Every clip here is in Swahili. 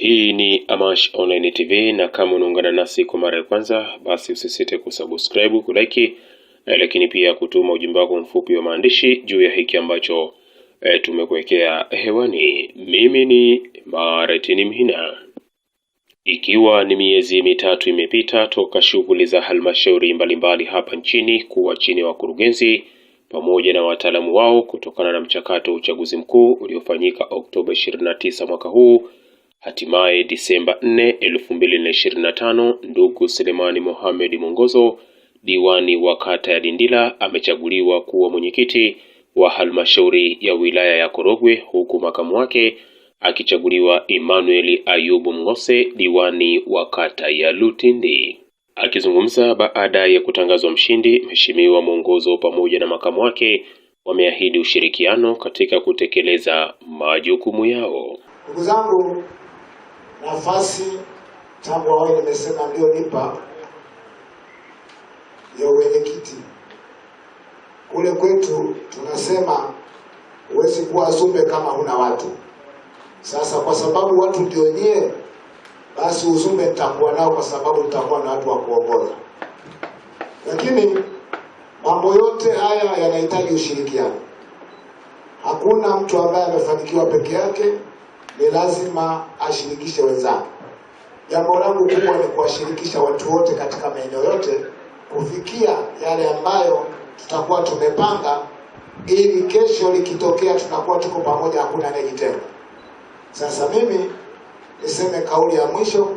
Hii ni Amash Online TV na kama unaungana nasi kwa mara ya kwanza, basi usisite kusubscribe, kulike, eh, lakini pia kutuma ujumbe wako mfupi wa maandishi juu ya hiki ambacho e, tumekuwekea hewani. Mimi ni Martin Mhina. Ikiwa ni miezi mitatu imepita toka shughuli za halmashauri mbalimbali hapa nchini kuwa chini ya wakurugenzi pamoja na wataalamu wao kutokana na mchakato wa uchaguzi mkuu uliofanyika Oktoba 29 mwaka huu Hatimaye Disemba 4, 2025, ndugu Selemani Mohamed Mwongozo, diwani wa kata ya Dindila, amechaguliwa kuwa mwenyekiti wa halmashauri ya wilaya ya Korogwe, huku makamu wake akichaguliwa Emmanuel Ayubu Mngose, diwani wa kata ya Lutindi. Akizungumza baada ya kutangazwa mshindi, Mheshimiwa Mwongozo pamoja na makamu wake wameahidi ushirikiano katika kutekeleza majukumu yao. Ndugu zangu nafasi tangu awali nimesema mlionipa ya uwenyekiti kule kwetu tunasema huwezi kuwa Zumbe kama huna watu. Sasa kwa sababu watu ndio nyie, basi uzumbe nitakuwa nao kwa sababu nitakuwa na watu wa kuongoza. Lakini mambo yote haya yanahitaji ushirikiano. Hakuna mtu ambaye amefanikiwa peke yake ni lazima ashirikishe wenzake. Jambo langu kubwa ni kuwashirikisha watu wote katika maeneo yote kufikia yale ambayo tutakuwa tumepanga, ili kesho likitokea tunakuwa tuko pamoja, hakuna tena. Sasa mimi niseme kauli ya mwisho,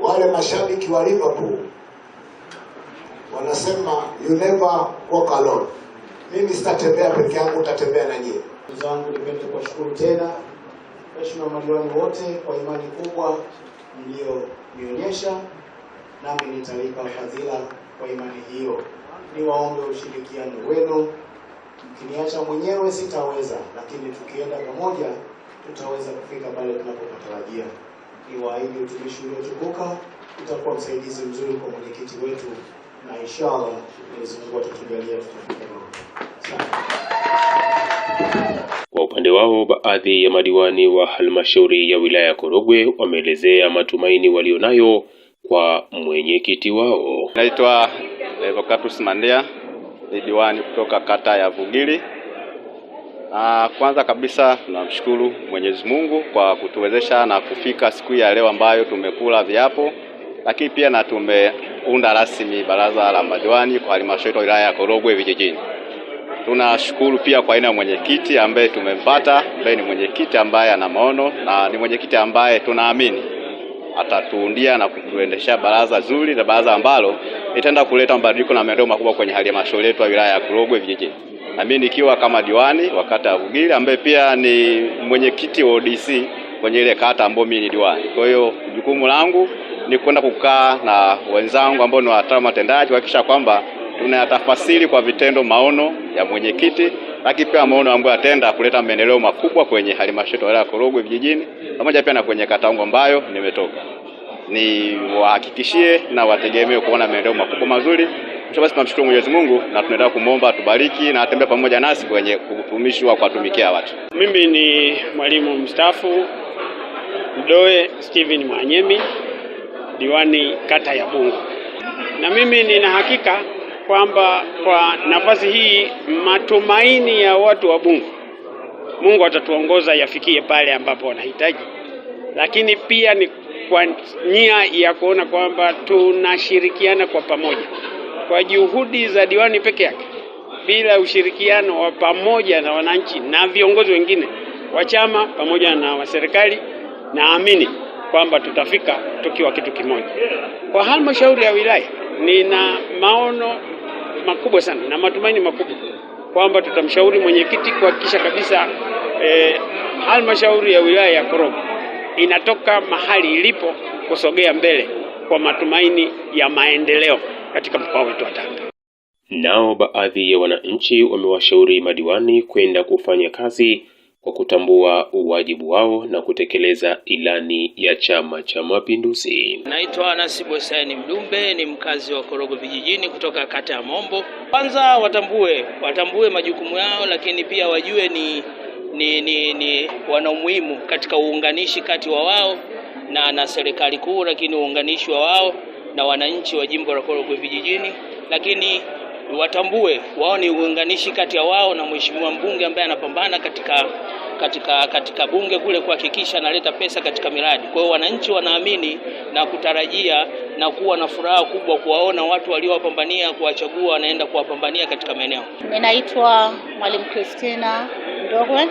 wale mashabiki wa Liverpool wanasema you never walk alone. Mimi sitatembea peke yangu, utatembea na nyie. Ndugu zangu, nipende kuwashukuru tena waheshimiwa madiwani wote kwa imani kubwa mlionionyesha, nami nitalipa fadhila kwa imani hiyo. Niwaombe ushirikiano wenu, mkiniacha mwenyewe sitaweza, lakini tukienda pamoja tutaweza kufika pale tunapopatarajia. Niwaahidi utumishi uliotukuka utakuwa msaidizi mzuri kwa mwenyekiti wetu, na inshallah Mwenyezi Mungu atatujalia tutafika kwa upande wao, baadhi ya madiwani wa halmashauri ya wilaya ya Korogwe wameelezea matumaini walionayo kwa mwenyekiti wao. Naitwa Levocatus eh, Mandea ni diwani kutoka kata ya Vugili. na ah, kwanza kabisa tunamshukuru Mwenyezi Mungu kwa kutuwezesha na kufika siku ya leo ambayo tumekula viapo, lakini pia na tumeunda rasmi baraza la madiwani kwa halmashauri ya wilaya ya Korogwe vijijini. Tunashukuru pia kwa aina ya mwenyekiti ambaye tumempata, ambaye ni mwenyekiti ambaye ana maono na ni mwenyekiti ambaye tunaamini atatuundia na kutuendeshea baraza zuri na baraza ambalo itaenda kuleta mabadiliko na maendeleo makubwa kwenye halmashauri yetu ya wilaya ya Korogwe vijijini. Na mimi nikiwa kama diwani wa kata ya Vugiri ambaye pia ni mwenyekiti wa ODC kwenye ile kata ambayo mimi ni diwani. Kwa hiyo jukumu langu ni kwenda kukaa na wenzangu ambao ni wataalamu watendaji kuhakikisha kwamba tunayatafasiri kwa vitendo maono ya mwenyekiti, lakini pia maono ambayo yataenda kuleta maendeleo makubwa kwenye halmashauri ya Korogwe vijijini pamoja pia na kwenye kata ambayo nimetoka. Ni wahakikishie na wategemee kuona maendeleo makubwa mazuri. Basi tunamshukuru Mwenyezi Mungu na tunaendelea kumwomba atubariki na atembee pamoja nasi kwenye utumishi wa kuwatumikia watu. Mimi ni mwalimu mstaafu Mdoe Steven Mwanyemi, diwani kata ya Bungu, na mimi nina hakika kwamba kwa nafasi hii matumaini ya watu wa Mungu, Mungu atatuongoza yafikie pale ambapo wanahitaji, lakini pia ni kwa nia ya kuona kwamba tunashirikiana kwa pamoja. Kwa juhudi za diwani peke yake, bila ushirikiano wa pamoja na wananchi na viongozi wengine wa chama pamoja na wa serikali, naamini kwamba tutafika tukiwa kitu kimoja. Kwa halmashauri ya wilaya, nina maono makubwa sana na matumaini makubwa kwamba tutamshauri mwenyekiti kuhakikisha kabisa eh, halmashauri ya wilaya ya Korogwe inatoka mahali ilipo kusogea mbele kwa matumaini ya maendeleo katika mkoa wetu wa Tanga. Nao baadhi ya wananchi wamewashauri madiwani kwenda kufanya kazi kwa kutambua uwajibu wao na kutekeleza ilani ya Chama cha Mapinduzi. Naitwa Nasibu Hussein Mdumbe, ni mkazi wa Korogo vijijini kutoka kata ya Mombo. Kwanza watambue watambue majukumu yao, lakini pia wajue ni ni, ni, ni wana umuhimu katika uunganishi kati wa wao na na serikali kuu, lakini uunganishi wa wao na wananchi wa jimbo la Korogwe vijijini, lakini watambue wao ni uunganishi kati ya wao na mheshimiwa mbunge ambaye anapambana katika katika katika bunge kule kuhakikisha analeta pesa katika miradi. Kwa hiyo wananchi wanaamini na kutarajia na kuwa na furaha kubwa kuwaona watu waliowapambania kuwachagua wanaenda kuwapambania katika maeneo. Ninaitwa Mwalimu Christina Ndogwe.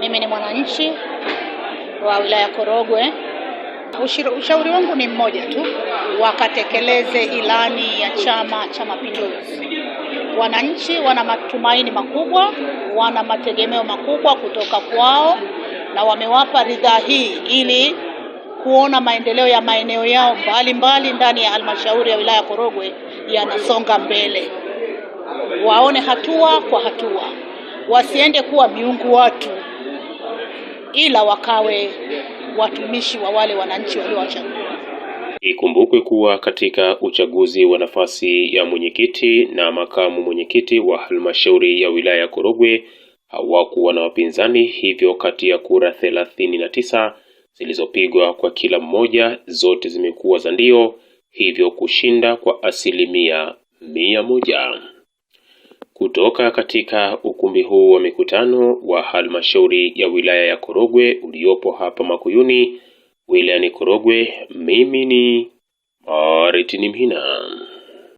Mimi ni mwananchi wa wilaya Korogwe. Ushauri wangu ni mmoja tu, wakatekeleze ilani ya Chama cha Mapinduzi. Wananchi wana matumaini makubwa, wana mategemeo makubwa kutoka kwao, na wamewapa ridhaa hii ili kuona maendeleo ya maeneo yao mbalimbali ndani ya halmashauri ya wilaya Korogwe yanasonga mbele. Waone hatua kwa hatua, wasiende kuwa miungu watu ila wakawe watumishi wa wale wananchi waliowachagua. Ikumbukwe kuwa katika uchaguzi wa nafasi ya mwenyekiti na makamu mwenyekiti wa halmashauri ya wilaya ya Korogwe hawakuwa na wapinzani, hivyo kati ya kura thelathini na tisa zilizopigwa kwa kila mmoja, zote zimekuwa za ndio, hivyo kushinda kwa asilimia mia moja kutoka katika ukumbi huu wa mikutano wa halmashauri ya wilaya ya Korogwe uliopo hapa Makuyuni wilayani Korogwe. Mimi ni Martin Mhina.